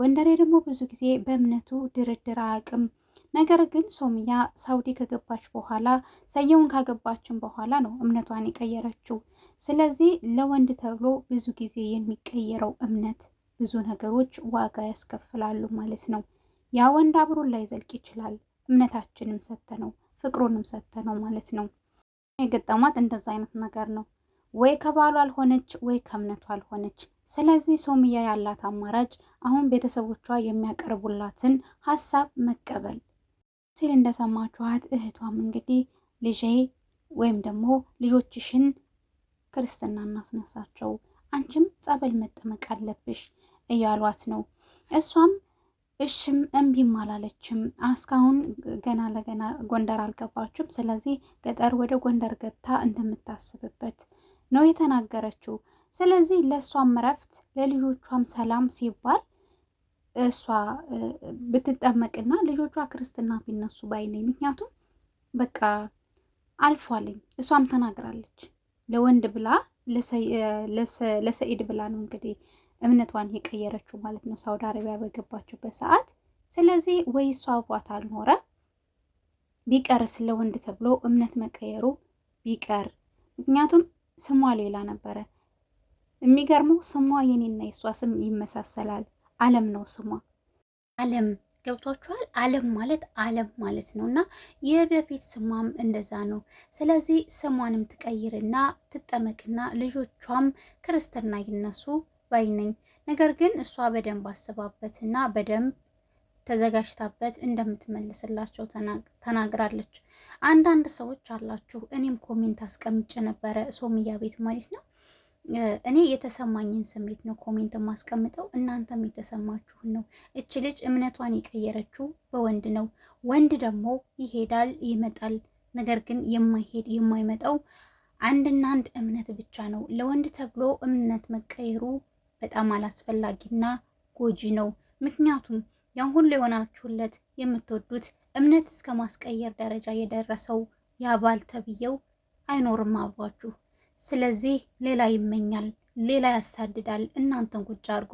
ወንደሬ ደግሞ ብዙ ጊዜ በእምነቱ ድርድር አያውቅም። ነገር ግን ሶምያ ሳውዲ ከገባች በኋላ ሰየውን ካገባችን በኋላ ነው እምነቷን የቀየረችው። ስለዚህ ለወንድ ተብሎ ብዙ ጊዜ የሚቀየረው እምነት ብዙ ነገሮች ዋጋ ያስከፍላሉ ማለት ነው። ያ ወንድ አብሮን ላይ ዘልቅ ይችላል። እምነታችንም ሰተ ነው ፍቅሩንም ሰተ ነው ማለት ነው። የገጠሟት እንደዛ አይነት ነገር ነው። ወይ ከባሉ አልሆነች ወይ ከእምነቱ አልሆነች። ስለዚህ ሶምያ ያላት አማራጭ አሁን ቤተሰቦቿ የሚያቀርቡላትን ሀሳብ መቀበል ሲል እንደሰማችኋት እህቷም እንግዲህ ልጄ ወይም ደግሞ ልጆችሽን ክርስትና እናስነሳቸው፣ አንቺም ጸበል መጠመቅ አለብሽ እያሏት ነው። እሷም እሽም እምቢም አላለችም። እስካሁን ገና ለገና ጎንደር አልገባችም። ስለዚህ ገጠር ወደ ጎንደር ገብታ እንደምታስብበት ነው የተናገረችው። ስለዚህ ለእሷም እረፍት ለልጆቿም ሰላም ሲባል እሷ ብትጠመቅና ልጆቿ ክርስትና ቢነሱ ባይነኝ። ምክንያቱም በቃ አልፏልኝ። እሷም ተናግራለች። ለወንድ ብላ ለሰኢድ ብላ ነው እንግዲህ እምነቷን የቀየረችው ማለት ነው ሳውዲ አረቢያ በገባችበት ሰዓት። ስለዚህ ወይ እሷ አብሯት አልኖረ ቢቀርስ ለወንድ ተብሎ እምነት መቀየሩ ቢቀር፣ ምክንያቱም ስሟ ሌላ ነበረ። የሚገርመው ስሟ የኔና የሷ ስም ይመሳሰላል። አለም ነው ስሟ። አለም ገብቷችኋል? አለም ማለት አለም ማለት ነው እና የበፊት ስሟም እንደዛ ነው። ስለዚህ ስሟንም ትቀይርና ትጠመቅና ልጆቿም ክርስትና ይነሱ ባይነኝ። ነገር ግን እሷ በደንብ አስባበትና በደንብ ተዘጋጅታበት እንደምትመልስላቸው ተናግራለች። አንዳንድ ሰዎች አላችሁ፣ እኔም ኮሜንት አስቀምጬ ነበረ ሶምያ ቤት ማለት ነው እኔ የተሰማኝን ስሜት ነው ኮሜንት የማስቀምጠው፣ እናንተም የተሰማችሁን ነው። እች ልጅ እምነቷን የቀየረችው በወንድ ነው። ወንድ ደግሞ ይሄዳል ይመጣል። ነገር ግን የማይሄድ የማይመጣው አንድና አንድ እምነት ብቻ ነው። ለወንድ ተብሎ እምነት መቀየሩ በጣም አላስፈላጊና ጎጂ ነው። ምክንያቱም ያን ሁሉ የሆናችሁለት የምትወዱት እምነት እስከ ማስቀየር ደረጃ የደረሰው ያ ባል ተብዬው አይኖርም አብሯችሁ ስለዚህ ሌላ ይመኛል፣ ሌላ ያሳድዳል፣ እናንተን ቁጭ አድርጎ።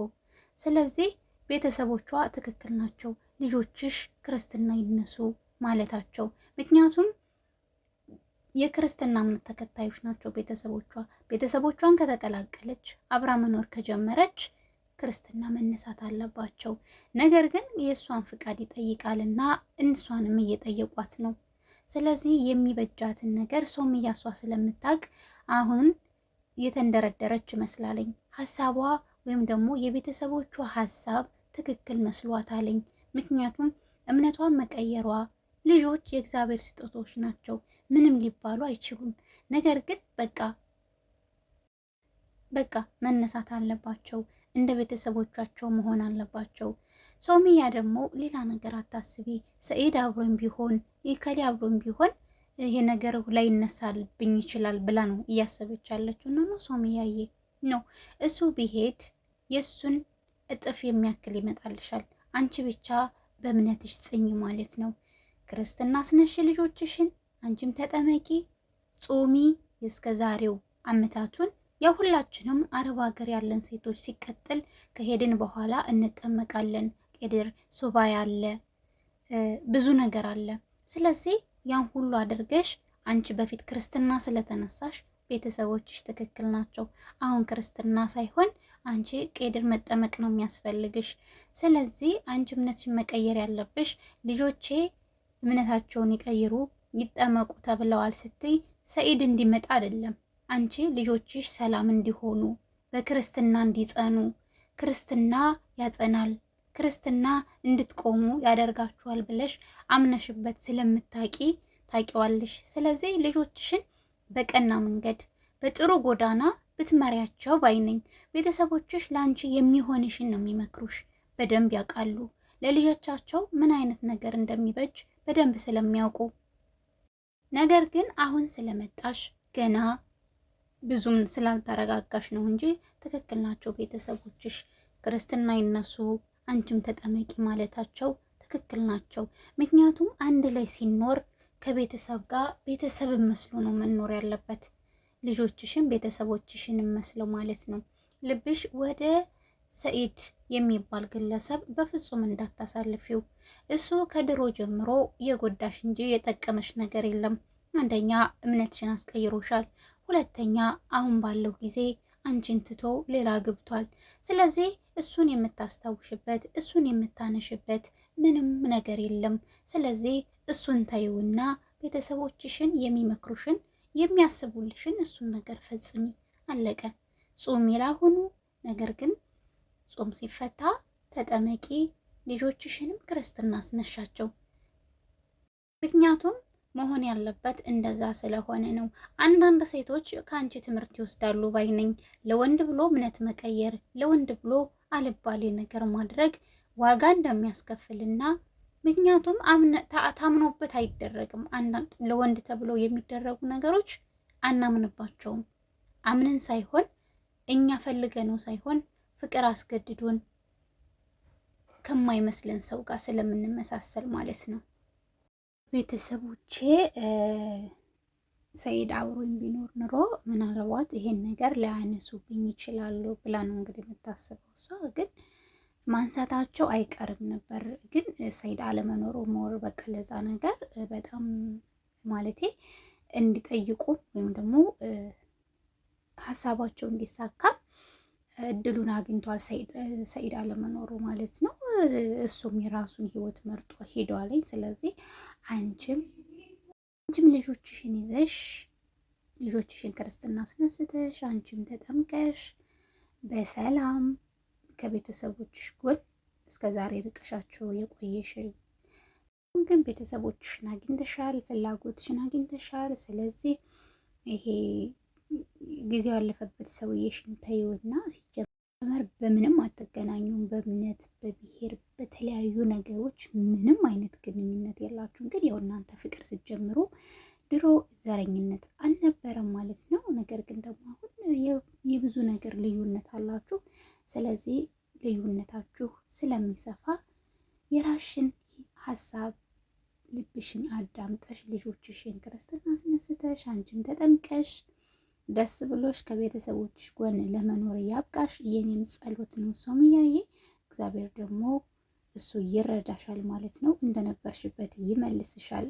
ስለዚህ ቤተሰቦቿ ትክክል ናቸው፣ ልጆችሽ ክርስትና ይነሱ ማለታቸው ምክንያቱም የክርስትና እምነት ተከታዮች ናቸው ቤተሰቦቿ። ቤተሰቦቿን ከተቀላቀለች አብራ መኖር ከጀመረች ክርስትና መነሳት አለባቸው። ነገር ግን የእሷን ፍቃድ ይጠይቃልና እሷንም እየጠየቋት ነው። ስለዚህ የሚበጃትን ነገር ሶምያ እሷ ስለምታውቅ አሁን የተንደረደረች መስላለኝ። ሀሳቧ ወይም ደግሞ የቤተሰቦቿ ሀሳብ ትክክል መስሏታለኝ። ምክንያቱም እምነቷን መቀየሯ ልጆች የእግዚአብሔር ስጦቶች ናቸው፣ ምንም ሊባሉ አይችሉም። ነገር ግን በቃ በቃ መነሳት አለባቸው፣ እንደ ቤተሰቦቻቸው መሆን አለባቸው። ሶምያ ደግሞ ሌላ ነገር አታስቢ፣ ሰኢድ አብሮን ቢሆን ይከሌ አብሮን ቢሆን ይሄ ነገር ላይ ይነሳልብኝ ይችላል ብላ ነው እያሰበች ያለችው። ነው ነው ሶም እያየ ነው እሱ ቢሄድ የእሱን እጥፍ የሚያክል ይመጣልሻል። አንቺ ብቻ በእምነትሽ ጽኝ ማለት ነው። ክርስትና አስነሽ ልጆችሽን፣ አንቺም ተጠመቂ፣ ጾሚ እስከ ዛሬው አመታቱን ያው ሁላችንም አረብ ሀገር ያለን ሴቶች ሲቀጥል ከሄድን በኋላ እንጠመቃለን። ቄድር ሱባኤ ያለ ብዙ ነገር አለ። ስለዚህ ያን ሁሉ አድርገሽ አንቺ በፊት ክርስትና ስለተነሳሽ ቤተሰቦችሽ ትክክል ናቸው። አሁን ክርስትና ሳይሆን አንቺ ቄድር መጠመቅ ነው የሚያስፈልግሽ። ስለዚህ አንቺ እምነትሽን መቀየር ያለብሽ ልጆቼ እምነታቸውን ይቀይሩ ይጠመቁ ተብለዋል ስትይ ሰኢድ እንዲመጣ አይደለም። አንቺ ልጆችሽ ሰላም እንዲሆኑ በክርስትና እንዲጸኑ ክርስትና ያጸናል ክርስትና እንድትቆሙ ያደርጋችኋል ብለሽ አምነሽበት ስለምታቂ ታቂዋለሽ። ስለዚህ ልጆችሽን በቀና መንገድ በጥሩ ጎዳና ብትመሪያቸው ባይነኝ። ቤተሰቦችሽ ለአንቺ የሚሆንሽን ነው የሚመክሩሽ። በደንብ ያውቃሉ ለልጆቻቸው ምን አይነት ነገር እንደሚበጅ በደንብ ስለሚያውቁ። ነገር ግን አሁን ስለመጣሽ ገና ብዙም ስላልተረጋጋሽ ነው እንጂ ትክክል ናቸው ቤተሰቦችሽ። ክርስትና ይነሱ አንቺም ተጠመቂ ማለታቸው ትክክል ናቸው። ምክንያቱም አንድ ላይ ሲኖር ከቤተሰብ ጋር ቤተሰብ መስሎ ነው መኖር ያለበት። ልጆችሽን ቤተሰቦችሽን መስለው ማለት ነው። ልብሽ ወደ ሰኢድ የሚባል ግለሰብ በፍጹም እንዳታሳልፊው። እሱ ከድሮ ጀምሮ የጎዳሽ እንጂ የጠቀመሽ ነገር የለም። አንደኛ እምነትሽን አስቀይሮሻል። ሁለተኛ አሁን ባለው ጊዜ አንቺን ትቶ ሌላ ግብቷል። ስለዚህ እሱን የምታስታውሽበት እሱን የምታነሽበት ምንም ነገር የለም። ስለዚህ እሱን ታይውና ቤተሰቦችሽን የሚመክሩሽን የሚያስቡልሽን እሱን ነገር ፈጽሚ። አለቀ። ጾም ይላሁኑ ነገር ግን ጾም ሲፈታ ተጠመቂ፣ ልጆችሽንም ክርስትና አስነሻቸው። ምክንያቱም መሆን ያለበት እንደዛ ስለሆነ ነው። አንዳንድ ሴቶች ከአንቺ ትምህርት ይወስዳሉ ባይ ነኝ። ለወንድ ብሎ እምነት መቀየር፣ ለወንድ ብሎ አልባሌ ነገር ማድረግ ዋጋ እንደሚያስከፍልና ምክንያቱም ታምኖበት አይደረግም። አንዳንድ ለወንድ ተብሎ የሚደረጉ ነገሮች አናምንባቸውም። አምንን ሳይሆን እኛ ፈልገነው ሳይሆን ፍቅር አስገድዶን ከማይመስለን ሰው ጋር ስለምንመሳሰል ማለት ነው። ቤተሰቦቼ ሰይድ አብሮኝ ቢኖር ኑሮ ምናልባት ይሄን ነገር ሊያነሱብኝ ይችላሉ ብላ ነው እንግዲህ የምታስበው እሷ። ግን ማንሳታቸው አይቀርም ነበር። ግን ሰይድ አለመኖሩ መር በቃ ለዛ ነገር በጣም ማለቴ እንዲጠይቁ ወይም ደግሞ ሀሳባቸው እንዲሳካ እድሉን አግኝቷል ሰኢድ አለመኖሩ ማለት ነው። እሱም የራሱን ህይወት መርጦ ሄደዋለኝ። ስለዚህ አንቺም አንቺም ልጆችሽን ይዘሽ ልጆችሽን ክርስትና አስነስተሽ አንቺም ተጠምቀሽ በሰላም ከቤተሰቦችሽ ጎን እስከ ዛሬ ርቀሻቸው የቆየሽ ግን ቤተሰቦችሽን አግኝተሻል፣ ፍላጎትሽን አግኝተሻል። ስለዚህ ይሄ ጊዜው ያለፈበት ሰውዬ ሽንታዩና ሲጀመር በምንም አትገናኙም። በእምነት በብሔር በተለያዩ ነገሮች ምንም አይነት ግንኙነት የላችሁም። ግን ያው እናንተ ፍቅር ስትጀምሩ ድሮ ዘረኝነት አልነበረም ማለት ነው። ነገር ግን ደግሞ አሁን የብዙ ነገር ልዩነት አላችሁ። ስለዚህ ልዩነታችሁ ስለሚሰፋ የራሽን ሀሳብ ልብሽን አዳምጠሽ ልጆችሽን ክርስትና አስነስተሽ አንቺም ተጠምቀሽ ደስ ብሎሽ ከቤተሰቦች ጎን ለመኖር ያብቃሽ። የኔም ጸሎት ነው ሱመያዬ። እግዚአብሔር ደግሞ እሱ ይረዳሻል ማለት ነው። እንደነበርሽበት ይመልስሻል።